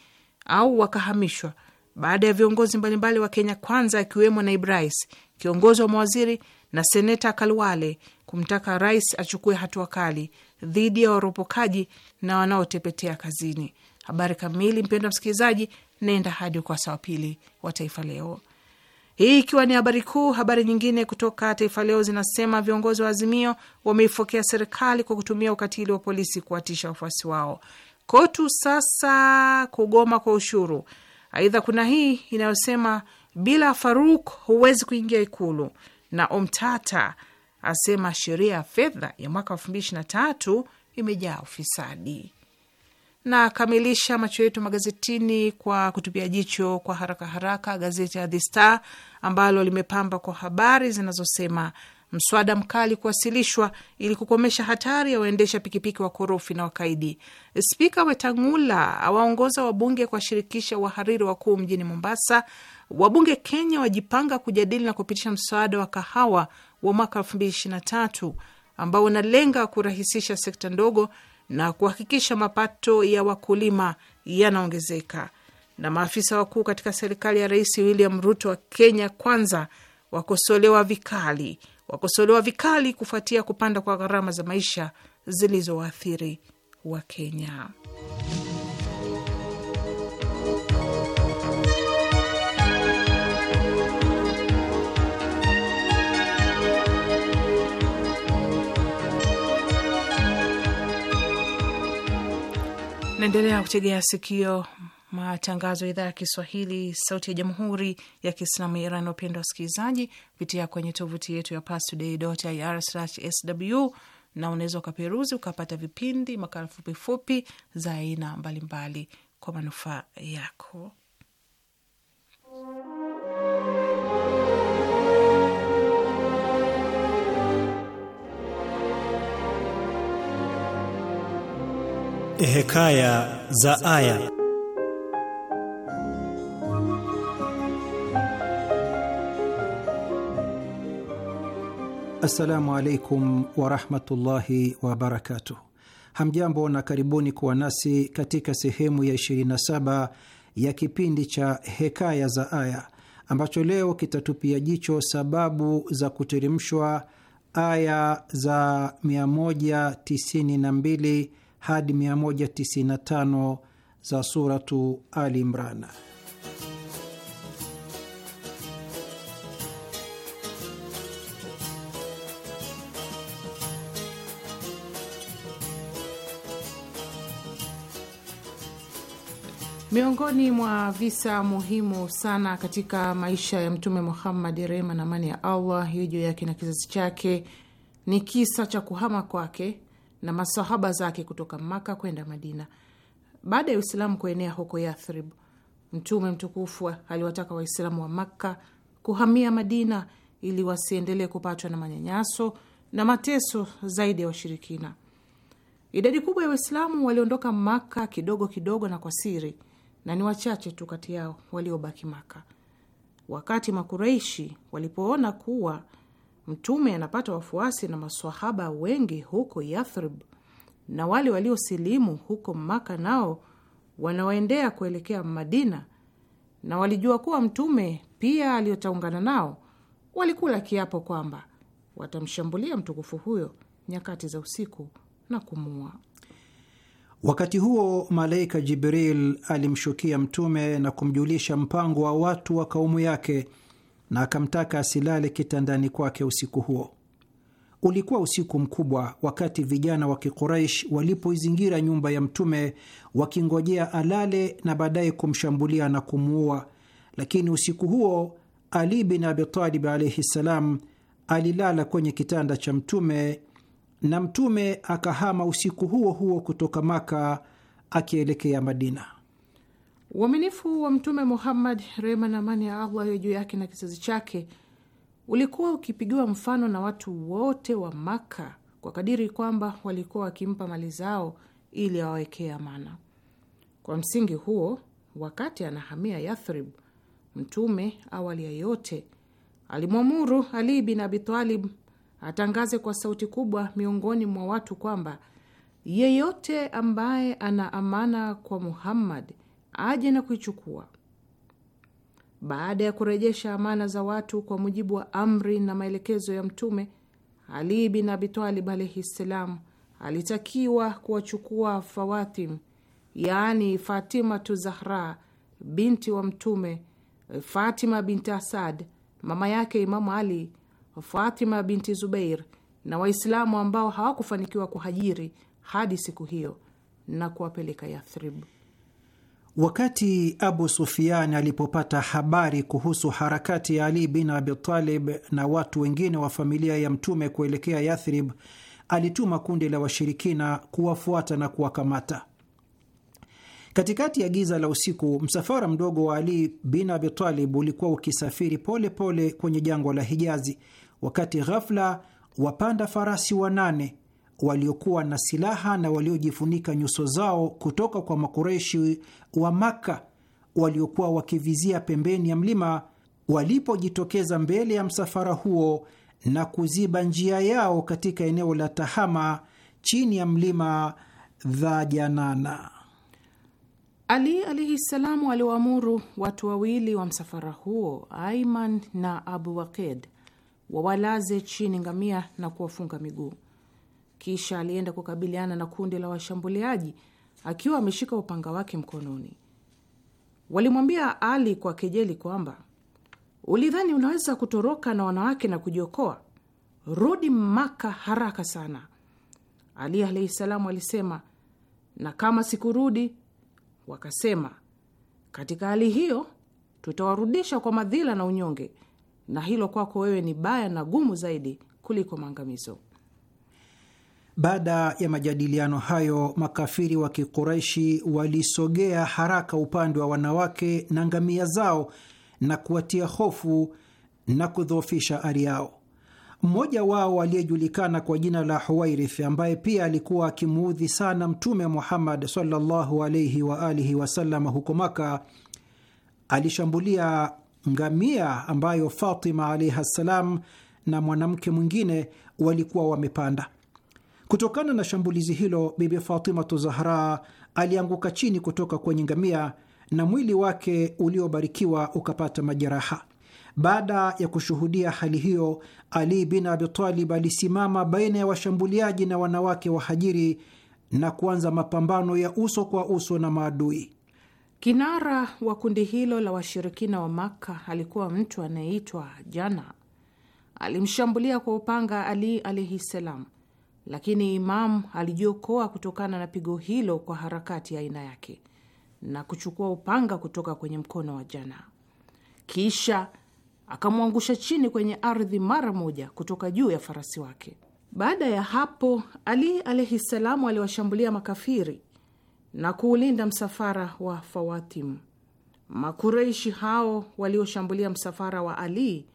[SPEAKER 2] au wakahamishwa baada ya viongozi mbalimbali wa Kenya Kwanza akiwemo naibu rais, kiongozi wa mawaziri na seneta Kalwale kumtaka rais achukue hatua kali dhidi ya waropokaji na wanaotepetea kazini. Habari kamili, mpendwa msikilizaji, nenda hadi ukurasa wa pili wa Taifa Leo. Hii ikiwa ni habari kuu. Habari nyingine kutoka Taifa Leo zinasema viongozi wa Azimio wameifokea serikali kwa kutumia ukatili wa polisi kuwatisha wafuasi wao. Kotu sasa kugoma kwa ushuru Aidha, kuna hii inayosema bila Faruk huwezi kuingia Ikulu, na Omtata asema sheria ya fedha ya mwaka elfu mbili ishirini na tatu imejaa ufisadi. Na kamilisha macho yetu magazetini kwa kutupia jicho kwa haraka haraka gazeti ya The Star ambalo limepamba kwa habari zinazosema mswada mkali kuwasilishwa ili kukomesha hatari ya waendesha pikipiki wakorofi na wakaidi. Spika Wetangula awaongoza wabunge kuwashirikisha wahariri wakuu mjini Mombasa. Wabunge Kenya wajipanga kujadili na kupitisha mswada wa kahawa wa mwaka tatu ambao unalenga kurahisisha sekta ndogo na kuhakikisha mapato ya wakulima yanaongezeka. Na maafisa wakuu katika serikali ya Rais William Ruto wa Kenya Kwanza wakosolewa vikali wakosolewa vikali kufuatia kupanda kwa gharama za maisha zilizowaathiri wa Kenya. Naendelea kutegea sikio matangazo ya idhaa ya Kiswahili sauti ya jamhuri ya kiislamu ya Iran. Wapendwa wasikilizaji, pitia kwenye tovuti yetu ya pastoday.ir/sw na unaweza ukaperuzi ukapata vipindi, makala fupifupi za aina mbalimbali kwa manufaa yako.
[SPEAKER 4] Hekaya za Aya.
[SPEAKER 5] Assalamu alaikum warahmatullahi wabarakatuh. Hamjambo na karibuni kuwa nasi katika sehemu ya 27 ya kipindi cha Hekaya za Aya ambacho leo kitatupia jicho sababu za kuteremshwa aya za 192 hadi 195 za Suratu Ali Imran.
[SPEAKER 2] Miongoni mwa visa muhimu sana katika maisha ya Mtume Muhammad, rehma na amani ya Allah hiyo juu yake na kizazi chake, ni kisa cha kuhama kwake na masahaba zake kutoka Maka kwenda Madina baada ya Uislamu kuenea huko Yathrib. Mtume mtukufu aliwataka Waislamu wa Makka kuhamia Madina ili wasiendelee kupatwa na manyanyaso na mateso zaidi ya washirikina. Idadi kubwa ya Waislamu waliondoka Makka kidogo kidogo na kwa siri na ni wachache tu kati yao waliobaki Maka. Wakati Makuraishi walipoona kuwa mtume anapata wafuasi na maswahaba wengi huko Yathrib, na wale waliosilimu huko Maka nao wanawaendea kuelekea Madina, na walijua kuwa mtume pia aliyotaungana nao, walikula kiapo kwamba watamshambulia mtukufu huyo nyakati za usiku na kumuua.
[SPEAKER 5] Wakati huo malaika Jibril alimshukia Mtume na kumjulisha mpango wa watu wa kaumu yake, na akamtaka asilale kitandani kwake usiku huo. Ulikuwa usiku mkubwa, wakati vijana wa Kikuraish walipoizingira nyumba ya Mtume wakingojea alale na baadaye kumshambulia na kumuua. Lakini usiku huo Ali bin Abitalib alaihi ssalam alilala kwenye kitanda cha Mtume na Mtume akahama usiku huo huo kutoka Maka akielekea Madina.
[SPEAKER 2] Uaminifu wa Mtume Muhammad, rehma na amani ya Allah iwe juu yake na kizazi chake, ulikuwa ukipigiwa mfano na watu wote wa Maka kwa kadiri kwamba walikuwa wakimpa mali zao ili awawekee amana. Kwa msingi huo, wakati anahamia Yathrib, Mtume awali ya yote alimwamuru Ali bin Abitalib atangaze kwa sauti kubwa miongoni mwa watu kwamba yeyote ambaye ana amana kwa Muhammad aje na kuichukua. Baada ya kurejesha amana za watu kwa mujibu wa amri na maelekezo ya Mtume, Ali bin Abitalib alaihi ssalam alitakiwa kuwachukua Fawatim, yaani Fatimatu Zahra binti wa Mtume, Fatima binti Asad, mama yake Imamu Ali Fatima binti Zubeir na Waislamu ambao hawakufanikiwa kuhajiri hadi siku hiyo na kuwapeleka Yathrib.
[SPEAKER 5] Wakati Abu Sufian alipopata habari kuhusu harakati ya Ali bin Abitalib na watu wengine wa familia ya Mtume kuelekea Yathrib, alituma kundi la washirikina kuwafuata na kuwakamata. Katikati ya giza la usiku, msafara mdogo wa Ali bin Abitalib ulikuwa ukisafiri polepole pole kwenye jangwa la Hijazi wakati ghafla wapanda farasi wanane waliokuwa na silaha na waliojifunika nyuso zao kutoka kwa Makureshi wa Makka waliokuwa wakivizia pembeni ya mlima walipojitokeza mbele ya msafara huo na kuziba njia yao katika eneo la Tahama chini ya mlima Dhajanana.
[SPEAKER 2] Ali alaihi ssalamu aliwaamuru watu wawili wa msafara huo, Aiman na Abu Waqid, wawalaze chini ngamia na kuwafunga miguu. Kisha alienda kukabiliana na kundi la washambuliaji akiwa ameshika upanga wake mkononi. Walimwambia Ali kwa kejeli kwamba ulidhani unaweza kutoroka na wanawake na kujiokoa? Rudi Maka haraka sana. Ali alahi salamu alisema, na kama sikurudi? Wakasema, katika hali hiyo tutawarudisha kwa madhila na unyonge na hilo kwako wewe ni baya na gumu zaidi kuliko maangamizo.
[SPEAKER 5] Baada ya majadiliano hayo, makafiri wa Kikuraishi walisogea haraka upande wa wanawake na ngamia zao na kuwatia hofu na kudhoofisha ari yao. Mmoja wao aliyejulikana kwa jina la Huwairith, ambaye pia alikuwa akimuudhi sana Mtume Muhammad sallallahu alaihi waalihi wasallam huko Maka, alishambulia ngamia ambayo Fatima alaihi ssalam na mwanamke mwingine walikuwa wamepanda. Kutokana na shambulizi hilo, Bibi Fatimatu Zahra alianguka chini kutoka kwenye ngamia na mwili wake uliobarikiwa ukapata majeraha. Baada ya kushuhudia hali hiyo, Ali bin Abitalib alisimama baina ya washambuliaji na wanawake wahajiri na kuanza mapambano ya uso kwa uso na maadui.
[SPEAKER 2] Kinara wa kundi hilo la washirikina wa Makka alikuwa mtu anayeitwa Jana. Alimshambulia kwa upanga Ali alaihi ssalam, lakini Imamu alijiokoa kutokana na pigo hilo kwa harakati ya aina yake na kuchukua upanga kutoka kwenye mkono wa Jana, kisha akamwangusha chini kwenye ardhi mara moja kutoka juu ya farasi wake. Baada ya hapo, Ali alaihi ssalamu aliwashambulia makafiri na kuulinda msafara wa Fawatim. Makureishi hao walioshambulia msafara wa Ali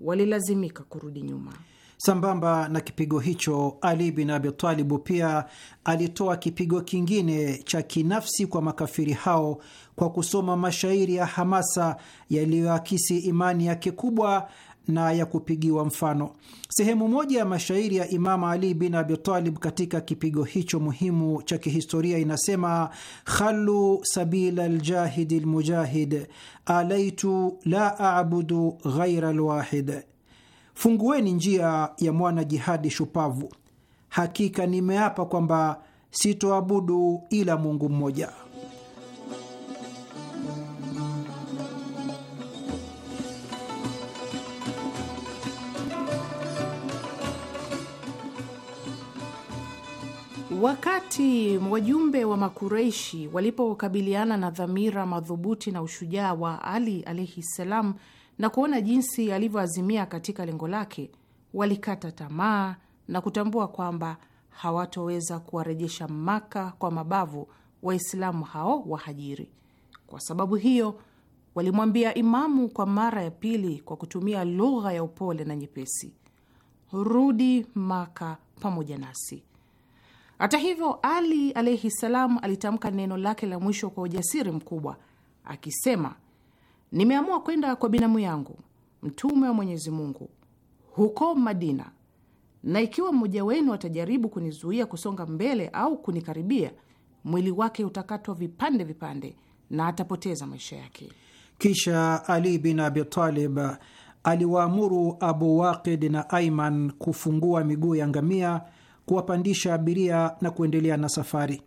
[SPEAKER 2] walilazimika kurudi nyuma.
[SPEAKER 5] Sambamba na kipigo hicho, Ali bin Abi Talibu pia alitoa kipigo kingine cha kinafsi kwa makafiri hao kwa kusoma mashairi ya hamasa yaliyoakisi imani yake kubwa na ya kupigiwa mfano. Sehemu moja ya mashairi ya imamu Ali bin Abi Talib katika kipigo hicho muhimu cha kihistoria inasema: khalu sabila ljahidi lmujahid alaitu la abudu ghaira lwahid, fungueni njia ya mwana jihadi shupavu, hakika nimeapa kwamba sitoabudu ila Mungu mmoja.
[SPEAKER 2] Wakati wajumbe wa Makureishi walipokabiliana na dhamira madhubuti na ushujaa wa Ali alaihi ssalam na kuona jinsi alivyoazimia katika lengo lake, walikata tamaa na kutambua kwamba hawatoweza kuwarejesha Maka kwa mabavu Waislamu hao wahajiri. Kwa sababu hiyo, walimwambia Imamu kwa mara ya pili kwa kutumia lugha ya upole na nyepesi, rudi Maka pamoja nasi. Hata hivyo, Ali alaihi salam alitamka neno lake la mwisho kwa ujasiri mkubwa akisema, nimeamua kwenda kwa binamu yangu mtume wa Mwenyezi Mungu huko Madina, na ikiwa mmoja wenu atajaribu kunizuia kusonga mbele au kunikaribia, mwili wake utakatwa vipande vipande na atapoteza maisha yake.
[SPEAKER 5] Kisha Ali bin Abi Talib aliwaamuru Abu Waqid na Aiman kufungua miguu ya ngamia kuwapandisha abiria na kuendelea na safari.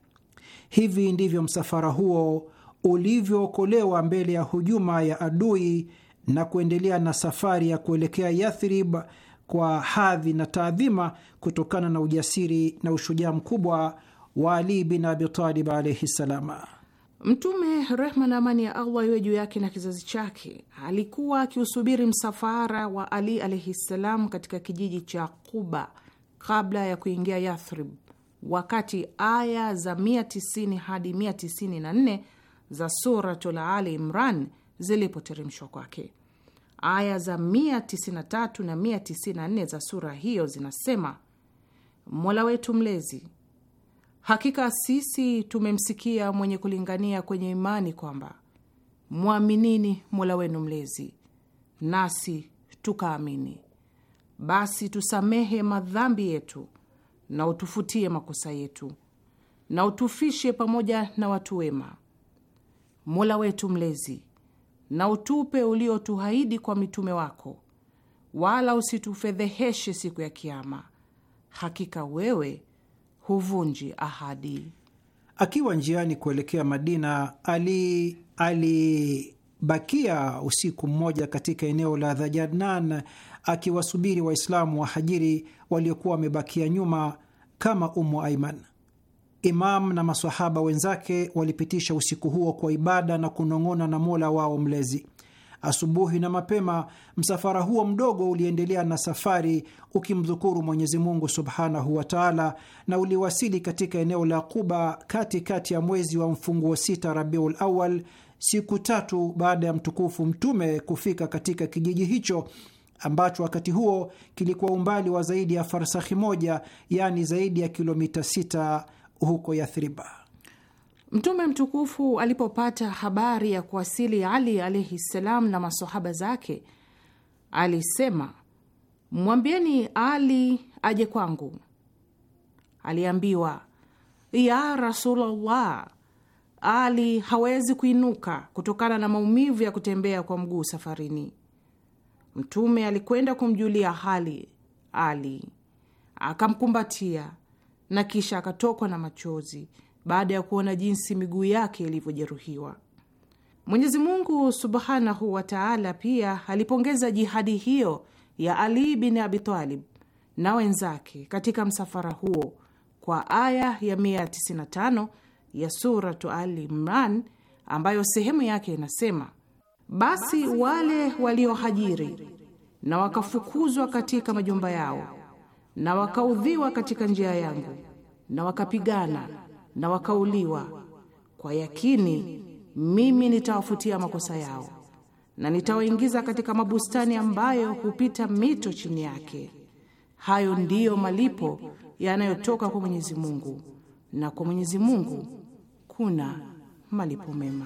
[SPEAKER 5] Hivi ndivyo msafara huo ulivyookolewa mbele ya hujuma ya adui na kuendelea na safari ya kuelekea Yathrib kwa hadhi na taadhima, kutokana na ujasiri na ushujaa mkubwa wa Ali bin Abi Talib alaihi ssalam
[SPEAKER 2] Mtume, rehma na amani ya Allah iwe juu yake na kizazi chake, alikuwa akiusubiri msafara wa Ali alaihi ssalam katika kijiji cha Quba kabla ya kuingia Yathrib, wakati aya za 190 hadi 194 za Suratul Ali Imran zilipoteremshwa kwake. Aya za 193 na 194 za sura hiyo zinasema: Mola wetu Mlezi, hakika sisi tumemsikia mwenye kulingania kwenye imani kwamba mwaminini Mola wenu Mlezi, nasi tukaamini basi tusamehe madhambi yetu na utufutie makosa yetu na utufishe pamoja na watu wema. Mola wetu Mlezi, na utupe uliotuhaidi kwa mitume wako, wala usitufedheheshe siku ya Kiama. Hakika wewe huvunji ahadi.
[SPEAKER 5] Akiwa njiani kuelekea Madina, Ali alibakia usiku mmoja katika eneo la Dhajarnan akiwasubiri Waislamu wahajiri waliokuwa wamebakia nyuma kama Umu Aiman. Imam na masahaba wenzake walipitisha usiku huo kwa ibada na kunong'ona na Mola wao Mlezi. Asubuhi na mapema, msafara huo mdogo uliendelea na safari ukimdhukuru Mwenyezi Mungu subhanahu wa taala, na uliwasili katika eneo la Quba katikati kati ya mwezi wa mfunguo sita Rabiul Awal, siku tatu baada ya mtukufu Mtume kufika katika kijiji hicho ambacho wakati huo kilikuwa umbali wa zaidi ya farsahi moja, yaani zaidi ya kilomita sita huko Yathriba.
[SPEAKER 2] Mtume mtukufu alipopata habari ya kuwasili Ali alaihi ssalam na masohaba zake, alisema mwambieni Ali aje kwangu. Aliambiwa, ya Rasulullah, Ali hawezi kuinuka kutokana na maumivu ya kutembea kwa mguu safarini. Mtume alikwenda kumjulia hali Ali, akamkumbatia na kisha akatokwa na machozi baada ya kuona jinsi miguu yake ilivyojeruhiwa. Mwenyezi Mungu subhanahu wa taala pia alipongeza jihadi hiyo ya Ali bin Abi Talib na wenzake katika msafara huo kwa aya ya 195 ya Suratu Ali Imran ambayo sehemu yake inasema basi wale waliohajiri na wakafukuzwa katika majumba yao na wakaudhiwa katika njia yangu na wakapigana na wakauliwa, kwa yakini mimi nitawafutia makosa yao na nitawaingiza katika mabustani ambayo hupita mito chini yake. Hayo ndiyo malipo yanayotoka kwa Mwenyezi Mungu, na kwa Mwenyezi Mungu kuna malipo mema.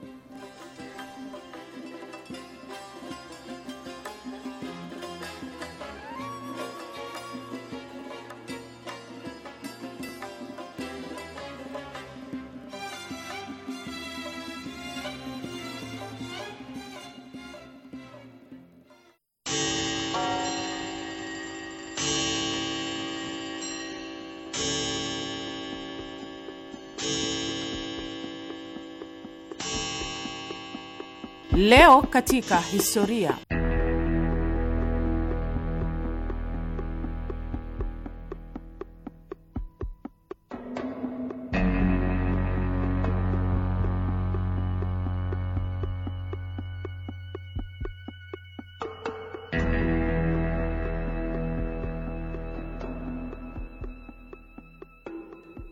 [SPEAKER 2] Leo katika historia.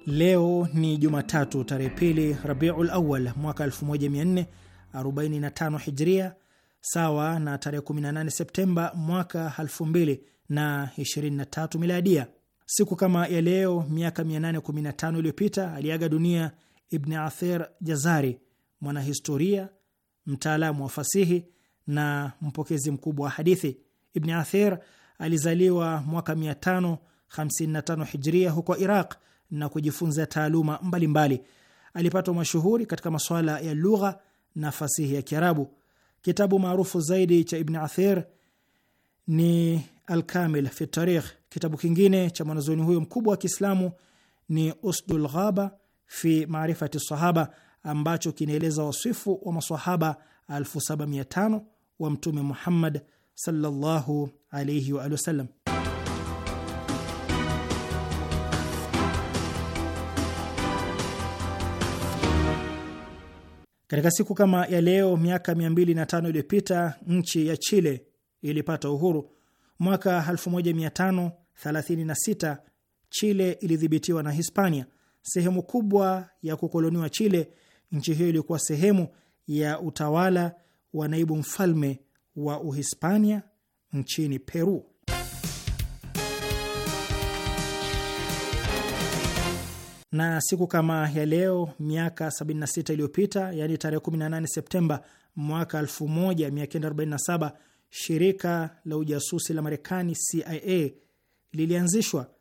[SPEAKER 5] Leo
[SPEAKER 4] ni Jumatatu tarehe pili Rabiul Awal mwaka 45 hijria sawa na tarehe 18 Septemba mwaka 2023 miladia. Siku kama ya leo miaka 815 iliyopita aliaga dunia Ibni Athir Jazari, mwanahistoria, mtaalamu wa fasihi na mpokezi mkubwa wa hadithi. Ibni Athir alizaliwa mwaka 555 hijria huko Iraq na kujifunza taaluma mbalimbali. Alipatwa mashuhuri katika masuala ya lugha na fasihi ya Kiarabu. Kitabu maarufu zaidi cha Ibn Athir ni Alkamil fi Tarikh. Kitabu kingine cha mwanazuoni huyo mkubwa wa Kiislamu ni Usdul Ghaba fi Maarifati Sahaba, ambacho kinaeleza wasifu wa masahaba 7500 wa Mtume Muhammad sallallahu alaihi wa alihi wasallam. Katika siku kama ya leo miaka 205 iliyopita nchi ya Chile ilipata uhuru. Mwaka 1536 Chile ilidhibitiwa na Hispania. Sehemu kubwa ya kukoloniwa Chile, nchi hiyo ilikuwa sehemu ya utawala wa naibu mfalme wa Uhispania nchini Peru. na siku kama ya leo miaka 76 iliyopita, yani tarehe 18 Septemba mwaka 1947, shirika la ujasusi la Marekani CIA lilianzishwa.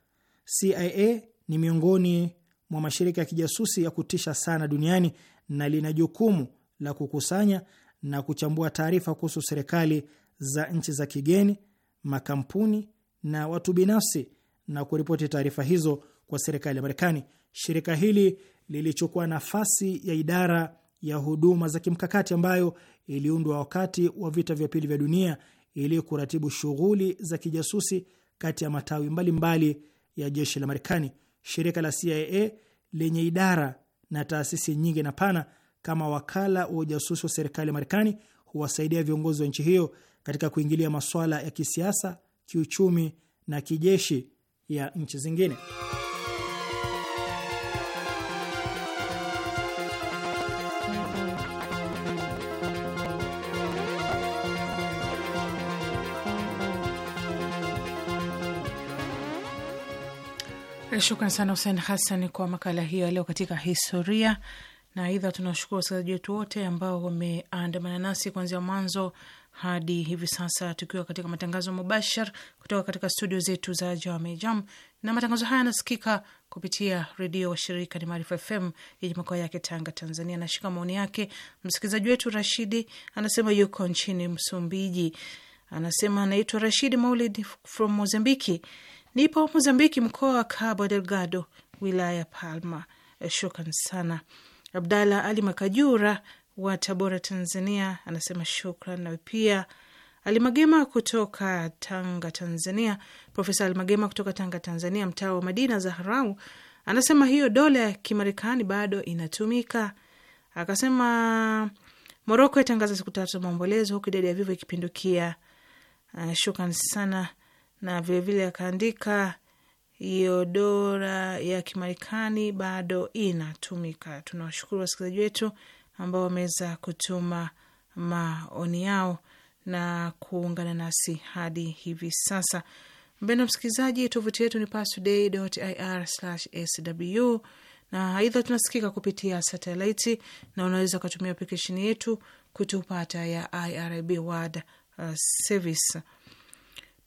[SPEAKER 4] CIA ni miongoni mwa mashirika ya kijasusi ya kutisha sana duniani na lina jukumu la kukusanya na kuchambua taarifa kuhusu serikali za nchi za kigeni, makampuni na watu binafsi na kuripoti taarifa hizo kwa serikali ya Marekani shirika hili lilichukua nafasi ya idara ya huduma za kimkakati ambayo iliundwa wakati wa vita vya pili vya dunia ili kuratibu shughuli za kijasusi kati ya matawi mbalimbali mbali ya jeshi la Marekani. Shirika la CIA lenye idara na taasisi nyingi na pana kama wakala wa ujasusi wa serikali ya Marekani huwasaidia viongozi wa nchi hiyo katika kuingilia masuala ya kisiasa, kiuchumi na kijeshi ya nchi zingine.
[SPEAKER 2] Eh, shukran sana Husen Hassan kwa makala hiyo yaleo katika historia. Na aidha tunawashukuru wasikilizaji wetu wote ambao wameandamana nasi kuanzia mwanzo hadi hivi sasa, tukiwa katika matangazo mubashar kutoka katika studio zetu za Jame Jam, na matangazo haya yanasikika kupitia redio wa shirika ni Maarifa FM yenye makao yake Tanga, Tanzania. Nashika maoni yake msikilizaji wetu Rashidi, anasema yuko nchini Msumbiji, anasema anaitwa Rashidi Maulid from Mozambiki. Nipo Mozambiki, mkoa wa Cabo Delgado, wilaya ya Palma. Eh, shukran sana. abdala Ali Makajura wa Tabora, Tanzania, anasema shukran. Na pia Alimagema kutoka Tanga, Tanzania. Profesa Alimagema kutoka Tanga, Tanzania, mtaa wa Madina Zaharau, anasema hiyo dola ya Kimarekani bado inatumika. Akasema Moroko yatangaza siku tatu maombolezo, huku idadi ya vivo ikipindukia. Uh, shukran sana na vilevile akaandika hiyo dola ya Kimarekani bado inatumika. Tunawashukuru wasikilizaji wetu ambao wameweza kutuma maoni yao na kuungana nasi hadi hivi sasa. Mpendwa msikilizaji, tovuti yetu ni pastoday.ir/sw, na aidha tunasikika kupitia satelaiti na unaweza ukatumia aplikesheni yetu kutupata ya IRIB World uh, Service.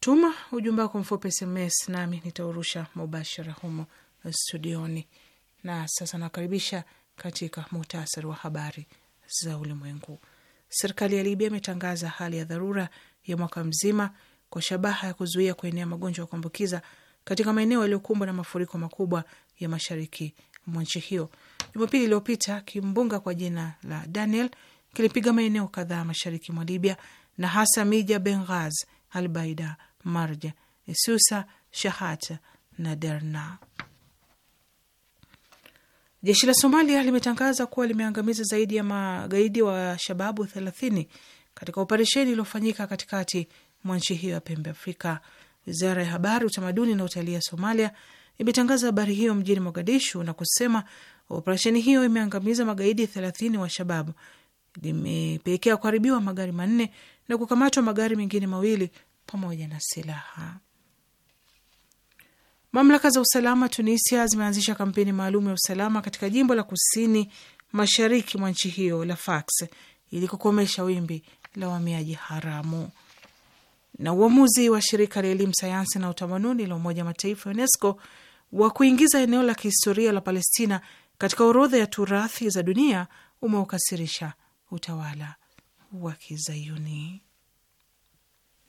[SPEAKER 2] Tuma ujumbe wako mfupi SMS nami nitaurusha mubashara humo studioni. Na sasa nakaribisha katika muhtasari wa habari za ulimwengu. Serikali ya Libya imetangaza hali ya dharura ya mwaka mzima kwa shabaha ya kuzuia kuenea magonjwa ya kuambukiza katika maeneo yaliyokumbwa na mafuriko makubwa ya mashariki mwa nchi hiyo. Jumapili iliyopita kimbunga kwa jina la Daniel kilipiga maeneo kadhaa mashariki mwa Libya na hasa miji ya Benghazi, Albaida Marja, Susa, Shahata na Derna. Jeshi la Somalia limetangaza kuwa limeangamiza zaidi ya magaidi wa shababu thelathini katika operesheni iliyofanyika katikati mwa nchi hiyo ya pembe Afrika. Wizara ya Habari, Utamaduni na Utalii ya Somalia imetangaza habari hiyo mjini Mogadishu na kusema operesheni hiyo imeangamiza magaidi thelathini wa shababu, limepelekea kuharibiwa magari manne na kukamatwa magari mengine mawili pamoja na silaha. Mamlaka za usalama Tunisia zimeanzisha kampeni maalum ya usalama katika jimbo la kusini mashariki mwa nchi hiyo la Fax ili kukomesha wimbi la uhamiaji haramu. Na uamuzi wa shirika la elimu, sayansi na utamaduni la Umoja Mataifa UNESCO wa kuingiza eneo la kihistoria la Palestina katika orodha ya turathi za dunia umeukasirisha utawala wa Kizayuni.